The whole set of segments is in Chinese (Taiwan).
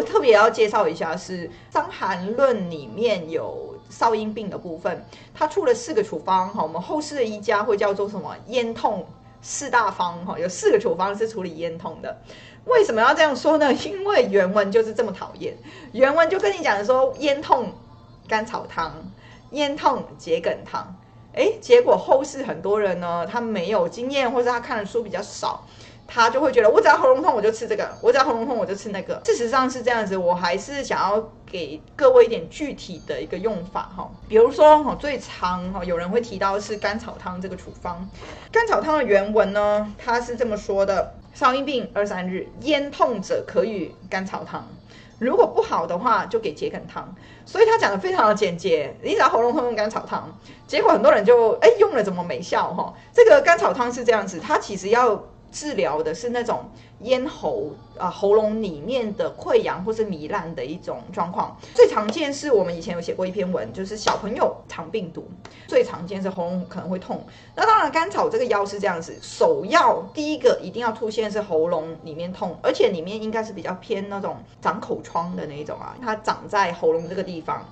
我特別要介紹一下，是《傷寒論》裡面有少陰病的部分，它出了四個處方。哈、哦，我們後世的醫家會叫做什麼？咽痛四大方。哈、哦，有四個處方是處理咽痛的。為什麼要這樣說呢？因為原文就是這麼討厭。原文就跟你講的說，咽痛甘草湯，咽痛桔梗湯。哎，結果後世很多人呢，他沒有經驗，或是他看的書比較少。他就會覺得我只要喉嚨痛我就吃這個，我只要喉嚨痛我就吃那個。事實上是這樣子，我還是想要給各位一點具體的一個用法哈。比如說哈，最常哈有人會提到是甘草湯這個處方。甘草湯的原文呢，他是這麼說的：少陰病二三日，咽痛者可與甘草湯，如果不好的話就給桔梗湯。所以他講得非常的簡潔，你只要喉嚨痛用甘草湯。結果很多人就哎、欸、用了怎麼沒效哈？這個甘草湯是這樣子，它其實要。治療的是那種咽喉。啊、呃，喉嚨裡面的潰瘍或是糜爛的一種狀況，最常見是我們以前有寫過一篇文，就是小朋友腸病毒，最常見是喉嚨可能會痛。那當然，甘草這個藥是這樣子，首要第一個一定要出現是喉嚨裡面痛，而且裡面應該是比較偏那種長口瘡的那一種啊，它長在喉嚨這個地方。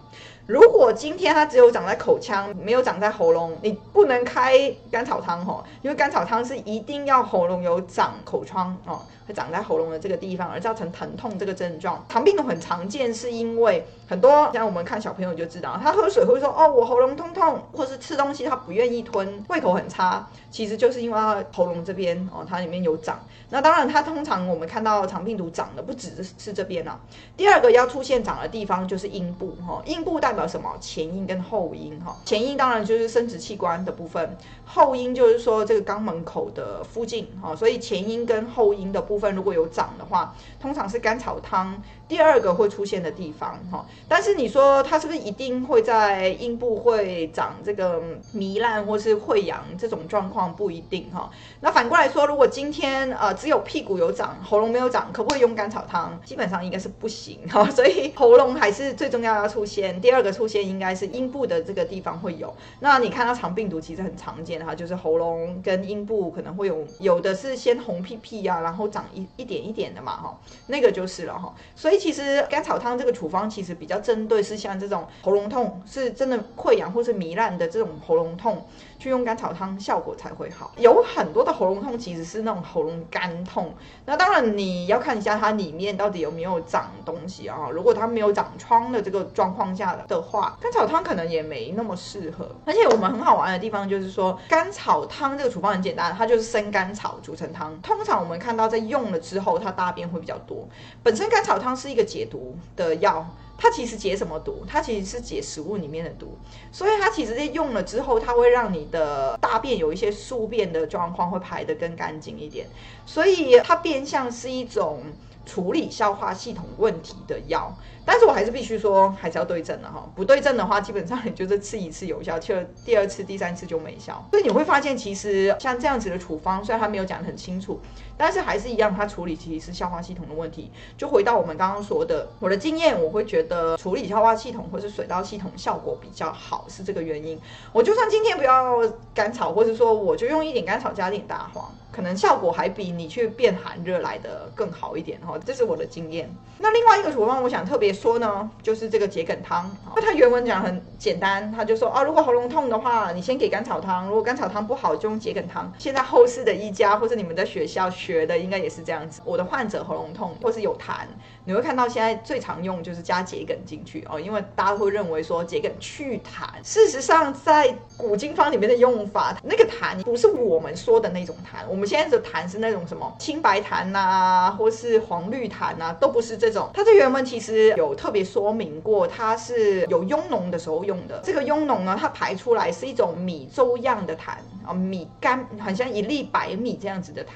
如果今天它只有長在口腔，沒有長在喉嚨，你不能開甘草湯哦，因為甘草湯是一定要喉嚨有長口瘡哦，它長在喉嚨的這個。地方而造成疼痛這個症狀，糖尿病很常見，是因為。很多像我們看小朋友就知道，他喝水會說哦，我喉嚨痛痛，或是吃東西他不願意吞，胃口很差，其實就是因為他喉嚨這邊哦，它裡面有長。那當然，它通常我們看到腸病毒長的不只是是這邊啊。第二個要出現長的地方就是陰部哈，哦，陰部代表什麼？前陰跟後陰哈，哦，前陰當然就是生殖器官的部分，後陰就是說這個肛門口的附近哈，哦，所以前陰跟後陰的部分如果有長的話，通常是甘草湯。第二個會出現的地方哈。哦但是你說它是不是一定會在陰部會長這個糜爛或是潰瘍這種狀況不一定哈、哦。那反過來說，如果今天呃只有屁股有長，喉嚨沒有長，可不可以用甘草湯？基本上應該是不行哈、哦。所以喉嚨還是最重要要出現，第二個出現應該是陰部的這個地方會有。那你看到腸病毒其實很常見的哈，就是喉嚨跟陰部可能會有，有的是先紅屁屁呀、啊，然後長一一點一點的嘛哈、哦，那個就是了哈、哦。所以其實甘草湯這個處方其實比。比較針對是像這種喉嚨痛，是真的潰瘍或是糜爛的這種喉嚨痛，去用甘草湯效果才會好。有很多的喉嚨痛其實是那種喉嚨乾痛，那當然你要看一下它裡面到底有沒有長東西啊。如果它沒有長瘡的這個狀況下的的話，甘草湯可能也沒那麼適合。而且我們很好玩的地方就是說，甘草湯這個處方很簡單，它就是生甘草煮成湯。通常我們看到在用了之後，它大便會比較多。本身甘草湯是一個解毒的藥。它其實解什麼毒？它其實是解食物裡面的毒，所以它其實用了之後，它會讓你的大便有一些宿便的狀況會排得更乾淨一點，所以它變相是一種處理消化系統問題的藥。但是我還是必須說，還是要對症的哈。不對症的話，基本上你就是吃一次有效，吃了第二次、第三次就沒效。所以你會發現，其實像這樣子的處方，雖然它沒有講得很清楚，但是還是一樣，它處理其實是消化系統的問題。就回到我們剛剛說的，我的經驗，我會覺得處理消化系統或是水道系統效果比較好，是這個原因。我就算今天不要甘草，或是說我就用一點甘草加一點大黃，可能效果還比你去變寒熱來的更好一點哈。這是我的經驗。那另外一個處方，我想特別。說呢，就是這個桔梗湯。那它原文講很簡單，他就說啊，如果喉嚨痛的話，你先給甘草湯；如果甘草湯不好，就用桔梗湯。現在後世的醫家或是你們在學校學的，應該也是這樣子。我的患者喉嚨痛，或是有痰，你會看到現在最常用就是加桔梗進去哦，因為大家會認為說桔梗去痰。事實上，在古今方裡面的用法，那個痰不是我們說的那種痰。我們現在的痰是那種什麼青白痰吶、啊，或是黃綠痰吶、啊，都不是這種。它這原文其實有。我特別說明過，它是有癰膿的時候用的。這個癰膿呢，它排出來是一種米粥樣的痰啊，米乾，很像一粒白米這樣子的痰，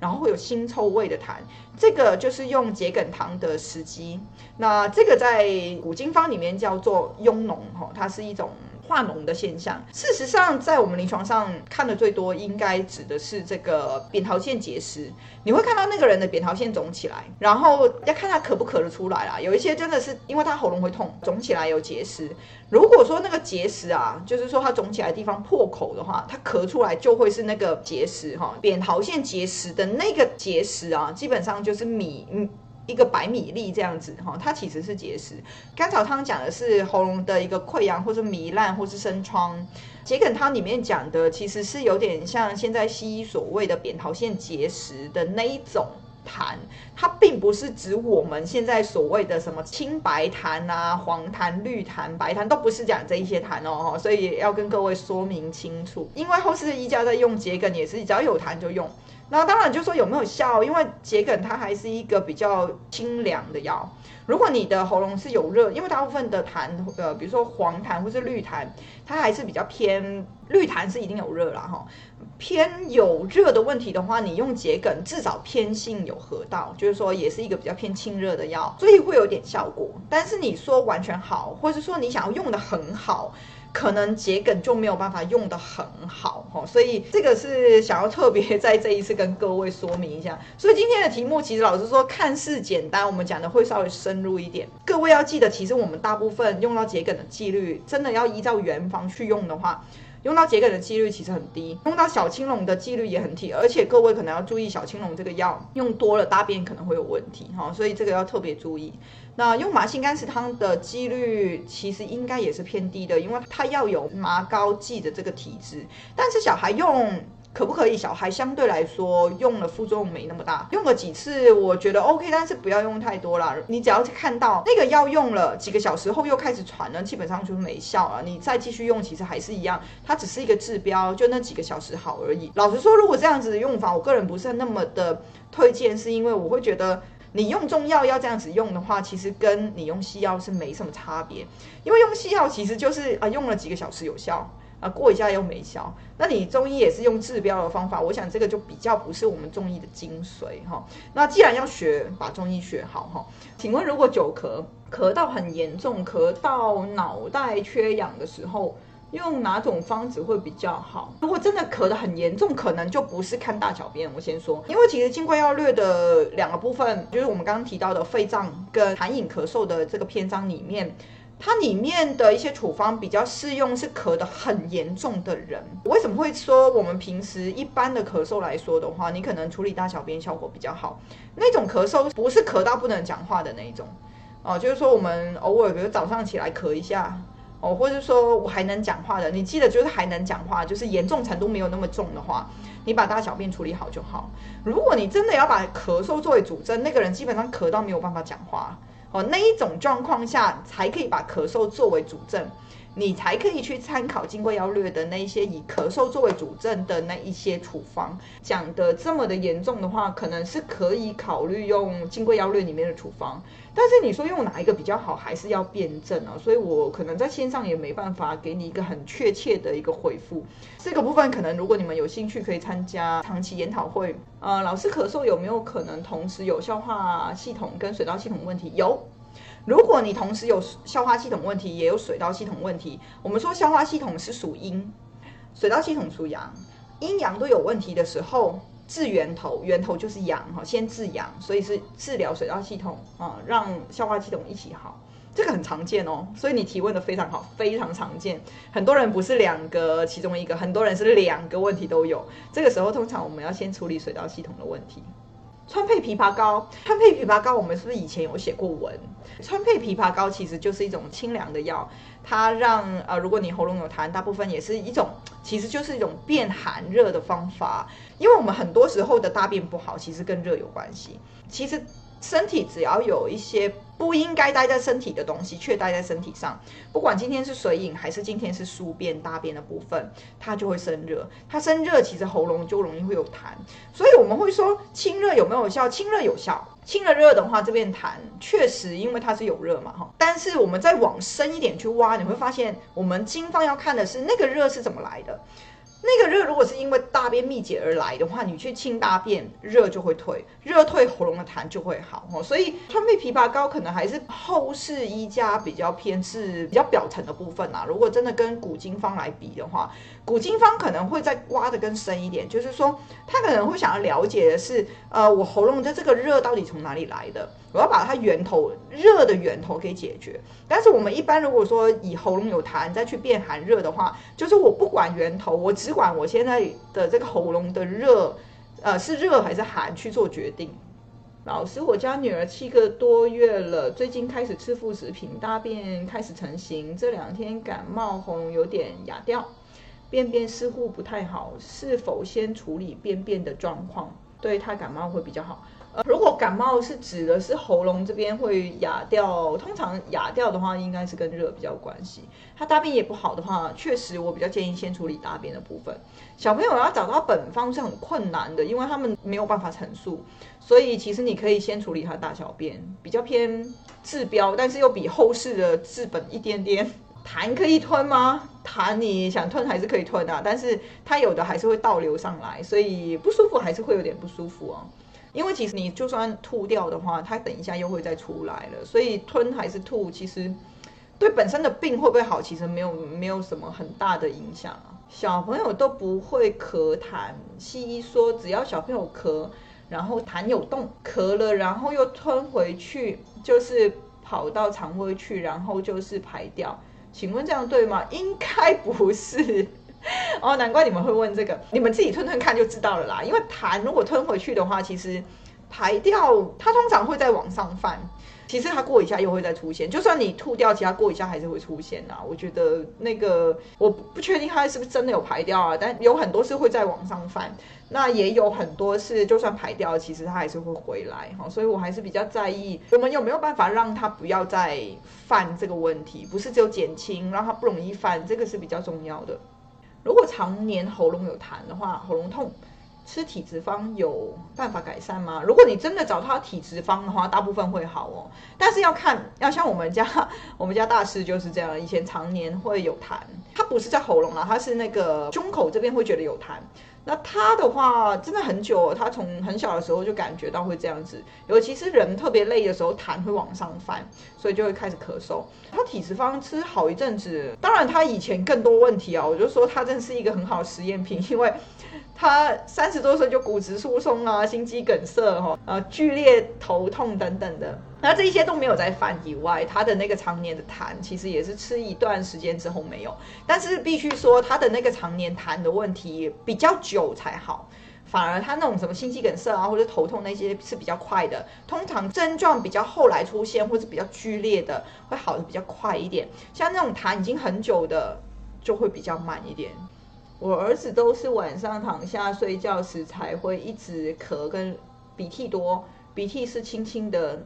然後會有腥臭味的痰。這個就是用桔梗湯的時機。那這個在古今方裡面叫做癰膿哈，它是一種。化膿的現象，事實上，在我們臨床上看的最多，應該指的是這個扁桃腺結石。你會看到那個人的扁桃腺腫起來，然後要看他咳不咳得出來啦。有一些真的是因為他喉嚨會痛，腫起來有結石。如果說那個結石啊，就是說它腫起來的地方破口的話，他咳出來就會是那個結石哈。扁桃腺結石的那個結石啊，基本上就是米嗯。一個白米粒這樣子哈，它其實是結石。甘草湯講的是喉嚨的一個潰瘍或是糜爛或是生瘡。桔梗湯裡面講的其實是有點像現在西醫所謂的扁桃腺結石的那一種痰，它並不是指我們現在所謂的什麼清白痰啊、黃痰、綠痰、白痰，都不是講這一些痰哦。所以也要跟各位說明清楚，因為後世的醫家在用桔梗也是只要有痰就用。那當然就說有沒有效，因為桔梗它還是一個比較清涼的藥。如果你的喉嚨是有熱，因為大部分的痰，呃，比如說黃痰或是綠痰，它還是比較偏，綠痰是一定有熱啦、哦。偏有熱的問題的話，你用桔梗至少偏性有合到，就是說也是一個比較偏清熱的藥，所以會有點效果。但是你說完全好，或是說你想要用得很好。可能桔梗就沒有辦法用得很好哈，所以這個是想要特別在這一次跟各位說明一下。所以今天的題目其實老實說看似簡單，我們講的會稍微深入一點。各位要記得，其實我們大部分用到桔梗的幾率，真的要依照原方去用的話。用到桔梗的幾率其實很低，用到小青龍的幾率也很低，而且各位可能要注意小青龍這個藥用多了大便可能會有問題哈，所以這個要特別注意。那用麻杏甘石湯的幾率其實應該也是偏低的，因為它要有麻膏劑的這個體質，但是小孩用，可不可以？小孩相對來說用了副作用沒那麼大，用了幾次我覺得 OK，但是不要用太多啦。你只要看到那個藥用了幾個小時後又開始喘了，基本上就沒效了啊。你再繼續用，其實還是一樣，它只是一個治標，就那幾個小時好而已。老實說，如果這樣子的用法，我個人不是那麼的推薦，是因為我會覺得你用中藥要這樣子用的話，其實跟你用西藥是沒什麼差別，因為用西藥其實就是啊用了幾個小時有效。啊，過一下又沒消。那你中醫也是用治標的方法，我想這個就比較不是我們中醫的精髓哈。那既然要學把中醫學好哈，請問如果久咳咳到很嚴重，咳到腦袋缺氧的時候，用哪種方子會比較好？如果真的咳得很嚴重，可能就不是看大小便。我先說，因為其實《金匱要略》的兩個部分，就是我們剛剛提到的肺臟跟痰飲咳嗽的這個篇章裡面。它裡面的一些處方比較適用是咳得很嚴重的人。為什麼會說我們平時一般的咳嗽來說的話，你可能處理大小便效果比較好。那種咳嗽不是咳到不能講話的那一種，哦，就是說我們偶爾比如早上起來咳一下，哦，或者是說我還能講話的，你記得就是還能講話，就是嚴重程度沒有那麼重的話，你把大小便處理好就好。如果你真的要把咳嗽作為主症，那個人基本上咳到沒有辦法講話。哦，那一種狀況下才可以把咳嗽作為主症。你才可以去參考《金匱要略》的那一些以咳嗽作為主症的那一些處方，講得這麼的嚴重的話，可能是可以考慮用《金匱要略》裡面的處方。但是你說用哪一個比較好，還是要辨證啊。所以我可能在線上也沒辦法給你一個很確切的一個回覆。這個部分可能如果你們有興趣，可以參加長期研討會。呃，老師咳嗽有沒有可能同時有消化系統跟水道系統問題？有。如果你同時有消化系統問題，也有水道系統問題，我們說消化系統是屬陰，水道系統屬陽，陰陽都有問題的時候，治源頭，源頭就是陽哈，先治陽，所以是治療水道系統啊，讓消化系統一起好，這個很常見哦。所以你提問得非常好，非常常見，很多人不是兩個其中一個，很多人是兩個問題都有，這個時候通常我們要先處理水道系統的問題。川貝枇杷膏，川貝枇杷膏，膏，我們是不是以前有寫過文？川貝枇杷膏其實就是一種清涼的藥，它讓呃，如果你喉嚨有痰，大部分也是一種，其實就是一種變寒熱的方法。因為我們很多時候的大便不好，其實跟熱有關係。其實身體只要有一些。不應該待在身體的東西，卻待在身體上。不管今天是水飲，還是今天是宿便、大便的部分，它就會生熱。它生熱，其實喉嚨就容易會有痰。所以我們會說，清熱有沒有效？清熱有效。清了熱的話，這邊痰確實，因為它是有熱嘛。哈，但是我們再往深一點去挖，你會發現，我們經方要看的是那個熱是怎麼來的。那個熱如果是因為大便秘結而來的話，你去清大便，熱就會退，熱退喉嚨的痰就會好。哦、所以川貝枇杷膏可能還是後世醫家比較偏是比較表層的部分啊。如果真的跟古經方來比的話，古經方可能會再挖的更深一點，就是說他可能會想要了解的是，呃，我喉嚨的這個熱到底從哪裡來的。我要把它源頭熱的源頭給解決。但是我們一般如果說以喉嚨有痰再去辨寒熱的話，就是我不管源頭，我只管我現在的這個喉嚨的熱，呃，是熱還是寒去做決定。老師，我家女兒七個多月了，最近開始吃副食品，大便開始成型，這兩天感冒，喉嚨有點啞掉，便便似乎不太好，是否先處理便便的狀況？對她感冒會比較好。呃，如果感冒是指的是喉嚨這邊會啞掉，通常啞掉的話，應該是跟熱比較有關係。他大便也不好的話，確實我比較建議先處理大便的部分。小朋友要找到本方是很困難的，因為他們沒有辦法陳述，所以其實你可以先處理他的大小便，比較偏治標，但是又比後世的治本一點點。痰可以吞嗎？痰你想吞還是可以吞啊，但是它有的還是會倒流上來，所以不舒服還是會有點不舒服哦。因為其實你就算吐掉的話，它等一下又會再出來了，所以吞還是吐，其實對本身的病會不會好，其實沒有沒有什麼很大的影響啊。小朋友都不會咳痰，西醫說只要小朋友咳，然後痰有動，咳了然後又吞回去，就是跑到腸胃去，然後就是排掉。請問這樣對嗎？應該不是。哦，難怪你們會問這個，你們自己吞吞看就知道了啦。因為痰如果吞回去的話，其實排掉它通常會再往上犯，其實它過一下又會再出現。就算你吐掉，其他過一下還是會出現啊。我覺得那個我不確定它是不是真的有排掉啊，但有很多是會再往上犯，那也有很多是就算排掉，其實它還是會回來哈、哦。所以我還是比較在意，我們有沒有辦法讓它不要再犯這個問題，不是只有減輕讓它不容易犯，這個是比較重要的。如果常年喉嚨有痰的話，喉嚨痛，吃體質方有辦法改善嗎？如果你真的找他體質方的話，大部分會好哦。但是要看，要像我們家，我們家大師就是這樣，以前常年會有痰，他不是在喉嚨啦，他是那個胸口這邊會覺得有痰。那他的話真的很久哦，他從很小的時候就感覺到會這樣子，尤其是人特別累的時候，痰會往上翻，所以就會開始咳嗽。他體質方吃好一陣子，當然他以前更多問題啊哦，我就說他真的是一個很好的實驗品，因為。他三十多歲就骨質疏鬆啊，心肌梗塞哈，呃、啊，劇烈頭痛等等的，那這一些都沒有在犯以外，他的那個常年的痰其實也是吃一段時間之後沒有，但是必須說他的那個常年痰的問題比較久才好，反而他那種什麼心肌梗塞啊或者頭痛那些是比較快的，通常症狀比較後來出現或是比較劇烈的會好的比較快一點，像那種痰已經很久的就會比較慢一點。我兒子都是晚上躺下睡覺時才會一直咳跟鼻涕多，鼻涕是清清的，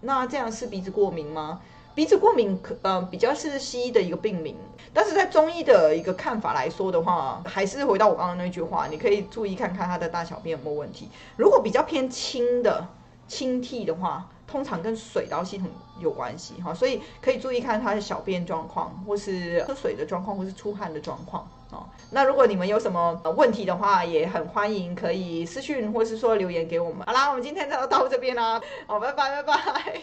那這樣是鼻子過敏嗎？鼻子過敏可呃比較是西醫的一個病名，但是在中醫的一個看法來說的話，還是回到我剛剛那句話，你可以注意看看他的大小便有沒有問題。如果比較偏清的清涕的話，通常跟水道系統有關係哈，所以可以注意看他的小便狀況，或是喝水的狀況，或是出汗的狀況。哦，那如果你們有什麼、呃、問題的話，也很歡迎可以私訊或是說留言給我們。好啦，我們今天就到這邊啦，好、哦，拜拜拜拜。